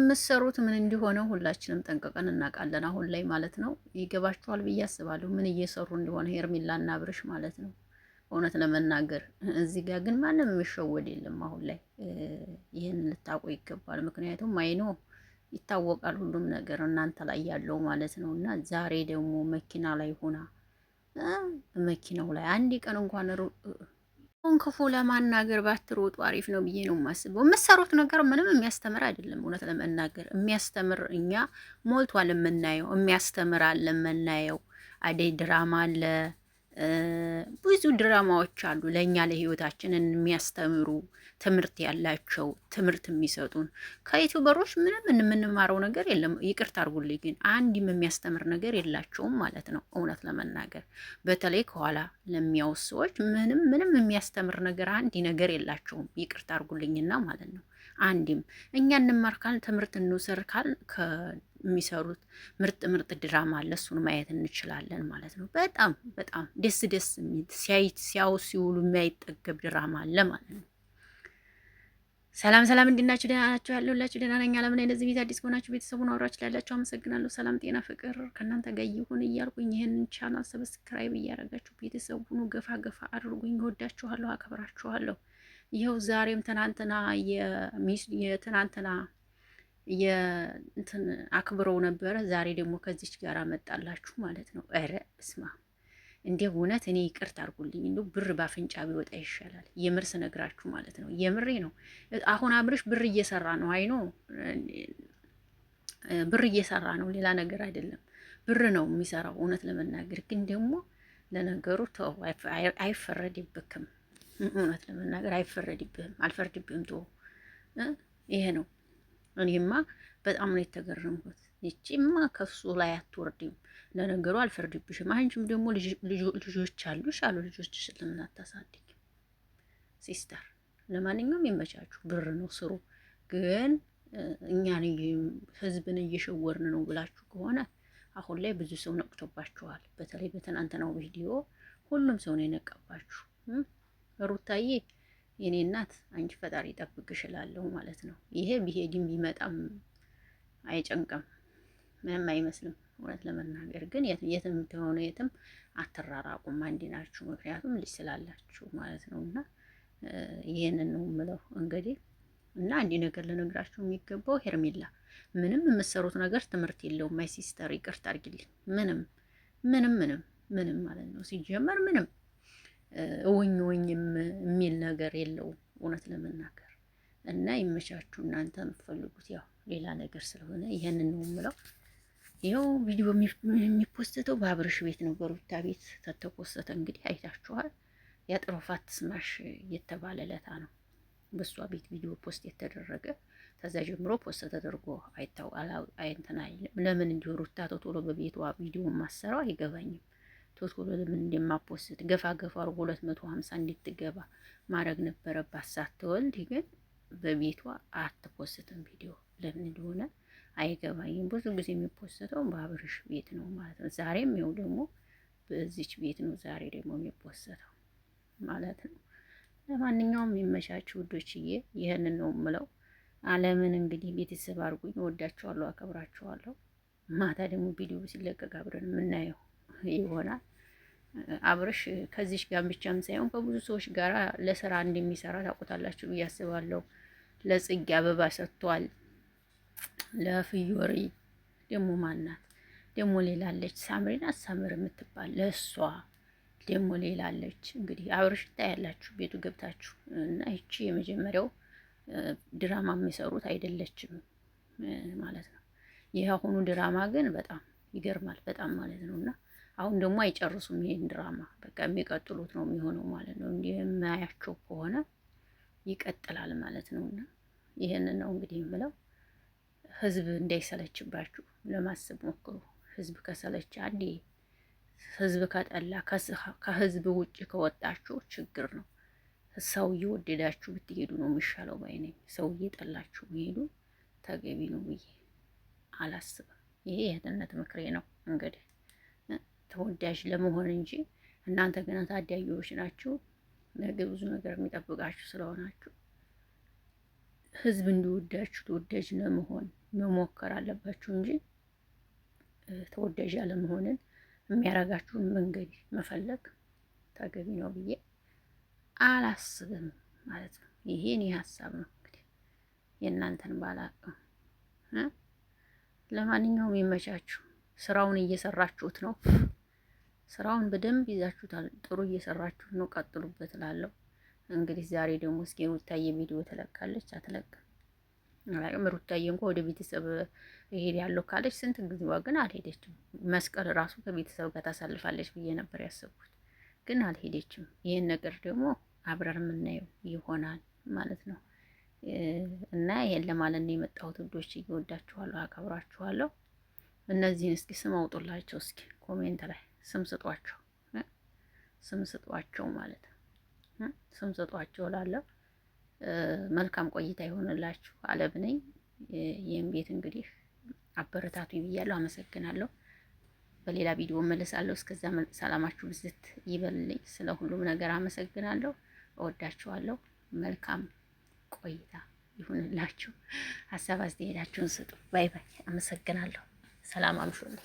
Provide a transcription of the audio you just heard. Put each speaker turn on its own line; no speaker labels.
የምትሰሩት ምን እንዲሆነ ሁላችንም ጠንቅቀን እናውቃለን። አሁን ላይ ማለት ነው ይገባችኋል ብዬ አስባለሁ፣ ምን እየሰሩ እንደሆነ እና ብርሽ ማለት ነው። እውነት ለመናገር እዚህ ጋር ግን ማንም የሚሸወድ የለም። አሁን ላይ ይህን ልታውቁ ይገባል። ምክንያቱም አይኖ ይታወቃል ሁሉም ነገር እናንተ ላይ ያለው ማለት ነው። እና ዛሬ ደግሞ መኪና ላይ ሆና መኪናው ላይ አንድ ቀን እንኳን አሁን ክፉ ለማናገር ባትሮጡ አሪፍ ነው ብዬ ነው የማስበው። የምሰሩት ነገር ምንም የሚያስተምር አይደለም። እውነት ለመናገር የሚያስተምር እኛ ሞልቷል የምናየው፣ የሚያስተምር አለ የምናየው። አደይ ድራማ አለ ብዙ ድራማዎች አሉ ለእኛ ለህይወታችን የሚያስተምሩ ትምህርት ያላቸው ትምህርት የሚሰጡን። ከዩቱበሮች ምንም የምንማረው ነገር የለም። ይቅርታ አድርጉልኝ፣ ግን አንድም የሚያስተምር ነገር የላቸውም ማለት ነው። እውነት ለመናገር በተለይ ከኋላ ለሚያውስ ሰዎች ምንም ምንም የሚያስተምር ነገር አንድ ነገር የላቸውም። ይቅርታ አድርጉልኝና ማለት ነው። አንድም እኛ እንማር ካል ትምህርት እንውሰድ ካል ከሚሰሩት ምርጥ ምርጥ ድራማ አለ፣ እሱን ማየት እንችላለን ማለት ነው። በጣም በጣም ደስ ደስ የሚል ሲያይት ሲያው ሲውሉ የሚያይጠገብ ድራማ አለ ማለት ነው። ሰላም ሰላም፣ እንዲናችሁ ደህና ናችሁ? ያለሁላችሁ ደህና ነኝ። ዓለም እንደዚህ ቤት አዲስ ከሆናችሁ ቤተሰቡን አብራችሁ ላላችሁ አመሰግናለሁ። ሰላም ጤና ፍቅር ከእናንተ ጋር ይሁን እያልኩኝ ይህን ቻናል ሰብስክራይብ እያደረጋችሁ ቤተሰቡን ገፋ ገፋ አድርጉኝ። እወዳችኋለሁ፣ አከብራችኋለሁ። ይኸው ዛሬም ትናንትና የትናንትና የእንትን አክብረው ነበረ። ዛሬ ደግሞ ከዚች ጋር መጣላችሁ ማለት ነው። ኧረ እስማ እንዴ እውነት እኔ ይቅርት አድርጉልኝ። እንደው ብር ባፍንጫ ቢወጣ ይሻላል። የምር ስነግራችሁ ማለት ነው። የምሬ ነው። አሁን አብርሽ ብር እየሰራ ነው። አይኖ ብር እየሰራ ነው። ሌላ ነገር አይደለም። ብር ነው የሚሰራው። እውነት ለመናገር ግን ደግሞ ለነገሩ ተው፣ አይፈረድብክም። እውነት ለመናገር አይፈረድብህም፣ አልፈርድብህም። ቶ ይሄ ነው። እኔማ በጣም ነው የተገረምኩት። ይቺማ ከሱ ላይ አትወርድም። ለነገሩ አልፈርድብሽም። አንቺም ደግሞ ልጆች አሉሽ አሉ ልጆች ስለምን አታሳድጊም ሲስተር? ለማንኛውም ይመቻችሁ። ብር ነው ስሩ። ግን እኛን ህዝብን እየሸወርን ነው ብላችሁ ከሆነ አሁን ላይ ብዙ ሰው ነቅቶባችኋል። በተለይ በትናንትናው ቪዲዮ ሁሉም ሰው ነው የነቃባችሁ። ሩታዬ የኔ እናት አንቺ ፈጣሪ ይጠብቅሽ እላለሁ ማለት ነው። ይሄ ቢሄድም ቢመጣም አይጨንቅም፣ ምንም አይመስልም። እውነት ለመናገር ግን የትም ተሆነ የትም አትራራቁም፣ አንድ ናችሁ። ምክንያቱም ልጅ ስላላችሁ ማለት ነው። እና ይህንን ነው የምለው እንግዲህ እና አንድ ነገር ልነግራችሁ የሚገባው ሄርሜላ ምንም የምትሰሩት ነገር ትምህርት የለውም። ማይ ሲስተር ይቅርታ አድርጊልኝ። ምንም ምንም ምንም ምንም ማለት ነው ሲጀመር ምንም እውኝ እውኝ የሚል ነገር የለውም እውነት ለመናገር እና ይመቻችሁ። እናንተ የምትፈልጉት ያው ሌላ ነገር ስለሆነ ይህንን ነው የምለው። ይኸው ቪዲዮ የሚፖስተተው በአብርሽ ቤት ነው፣ በሩታ ቤት ተተፖስተተ። እንግዲህ አይታችኋል። የጥሮፋት ስማሽ የተባለ ለታ ነው በሷ ቤት ቪዲዮ ፖስት የተደረገ ከዛ ጀምሮ ፖስት ተደርጎ አይታው አላ አይንተና ለምን እንዲሁ ሩታ ቶሎ በቤቷ ቪዲዮ ማሰራው አይገባኝም። ቶሎ ለምን እንደማፖስት ገፋ ገፋ አድርጎ ሁለት መቶ እንድትገባ ማድረግ ነበረባት። ሳትወልድ ግን በቤቷ አትፖስትም ቪዲዮ ለምን እንደሆነ አይገባኝም። ብዙ ጊዜ የሚፖስተው በአብርሽ ቤት ነው ማለት ነው። ዛሬም ይኸው ደግሞ በዚች ቤት ነው ዛሬ ደግሞ የሚፖስተው ማለት ነው። ለማንኛውም የሚመቻችሁ ውዶችዬ ይህንን ነው ምለው አለምን እንግዲህ ቤተሰብ አድርጉኝ። እወዳችኋለሁ፣ አከብራችኋለሁ። ማታ ደግሞ ቪዲዮ ሲለቀቅ አብረን የምናየው ይሆናል። አብርሽ ከዚሽ ጋር ብቻም ሳይሆን ከብዙ ሰዎች ጋር ለስራ እንደሚሰራ ታውቁታላችሁ ብዬ አስባለሁ። ለጽጌ አበባ ሰጥቷል። ለፍዮሪ ደግሞ ማናት ደግሞ ሌላ አለች፣ አሳምር የምትባል ለእሷ ደግሞ ሌላ አለች። እንግዲህ አብርሽ ታያላችሁ ቤቱ ገብታችሁ እና ይቺ የመጀመሪያው ድራማ የሚሰሩት አይደለችም ማለት ነው። ይህ አሁኑ ድራማ ግን በጣም ይገርማል፣ በጣም ማለት ነው እና አሁን ደግሞ አይጨርሱም ይሄን ድራማ በቃ የሚቀጥሉት ነው የሚሆነው ማለት ነው። እንደማያቸው ከሆነ ይቀጥላል ማለት ነው። እና ይህንን ነው እንግዲህ የምለው ህዝብ እንዳይሰለችባችሁ ለማሰብ ሞክሩ። ህዝብ ከሰለች አንዴ ህዝብ ከጠላ ከህዝብ ውጭ ከወጣችሁ ችግር ነው። ሰው እየወደዳችሁ ብትሄዱ ነው የሚሻለው ባይ ነኝ። ሰው እየጠላችሁ መሄዱ ተገቢ ነው ብዬ አላስብም። ይሄ የህትነት ምክሬ ነው እንግዲህ ተወዳጅ ለመሆን እንጂ እናንተ ገና ታዳጊዎች ናችሁ። ነገ ብዙ ነገር የሚጠብቃችሁ ስለሆናችሁ ህዝብ እንዲወዳችሁ ተወዳጅ ለመሆን መሞከር አለባችሁ እንጂ ተወዳጅ ያለመሆንን የሚያረጋችሁን መንገድ መፈለግ ተገቢ ነው ብዬ አላስብም ማለት ነው። ይሄን ሀሳብ ነው እንግዲህ የእናንተን ባላቅም። ለማንኛውም ይመቻችሁ። ስራውን እየሰራችሁት ነው። ስራውን በደንብ ይዛችሁታል። ጥሩ እየሰራችሁ ነው፣ ቀጥሉበት እላለሁ። እንግዲህ ዛሬ ደግሞ እስኪ ሩታዬ ቪዲዮ ትለቃለች አትለቅም አላቅም። ሩታዬ እንኳ ወደ ቤተሰብ ይሄድ ያለው ካለች ስንት ጊዜዋ ግን አልሄደችም። መስቀል ራሱ ከቤተሰብ ጋር ታሳልፋለች ብዬ ነበር ያሰብኩት፣ ግን አልሄደችም። ይህን ነገር ደግሞ አብረር የምናየው ይሆናል ማለት ነው። እና ይሄን ለማለት ነው የመጣሁት። ውዶች እወዳችኋለሁ፣ አከብራችኋለሁ። እነዚህን እስኪ ስም አውጡላቸው እስኪ ኮሜንት ላይ ስም ስጧቸው፣ ስም ስጧቸው ማለት ነው። ስም ስጧቸው ላለው መልካም ቆይታ ይሆንላችሁ። አለብ ነኝ። ይህም ቤት እንግዲህ አበረታቱ ብያለሁ። አመሰግናለሁ። በሌላ ቪዲዮ መልሳለሁ። እስከዛ ሰላማችሁ ብዝት ይበልልኝ። ስለ ሁሉም ነገር አመሰግናለሁ። እወዳችኋለሁ። መልካም ቆይታ ይሁንላችሁ። ሀሳብ አስተያየታችሁን ስጡ። ባይ ባይ። አመሰግናለሁ። ሰላም አምሹልኝ።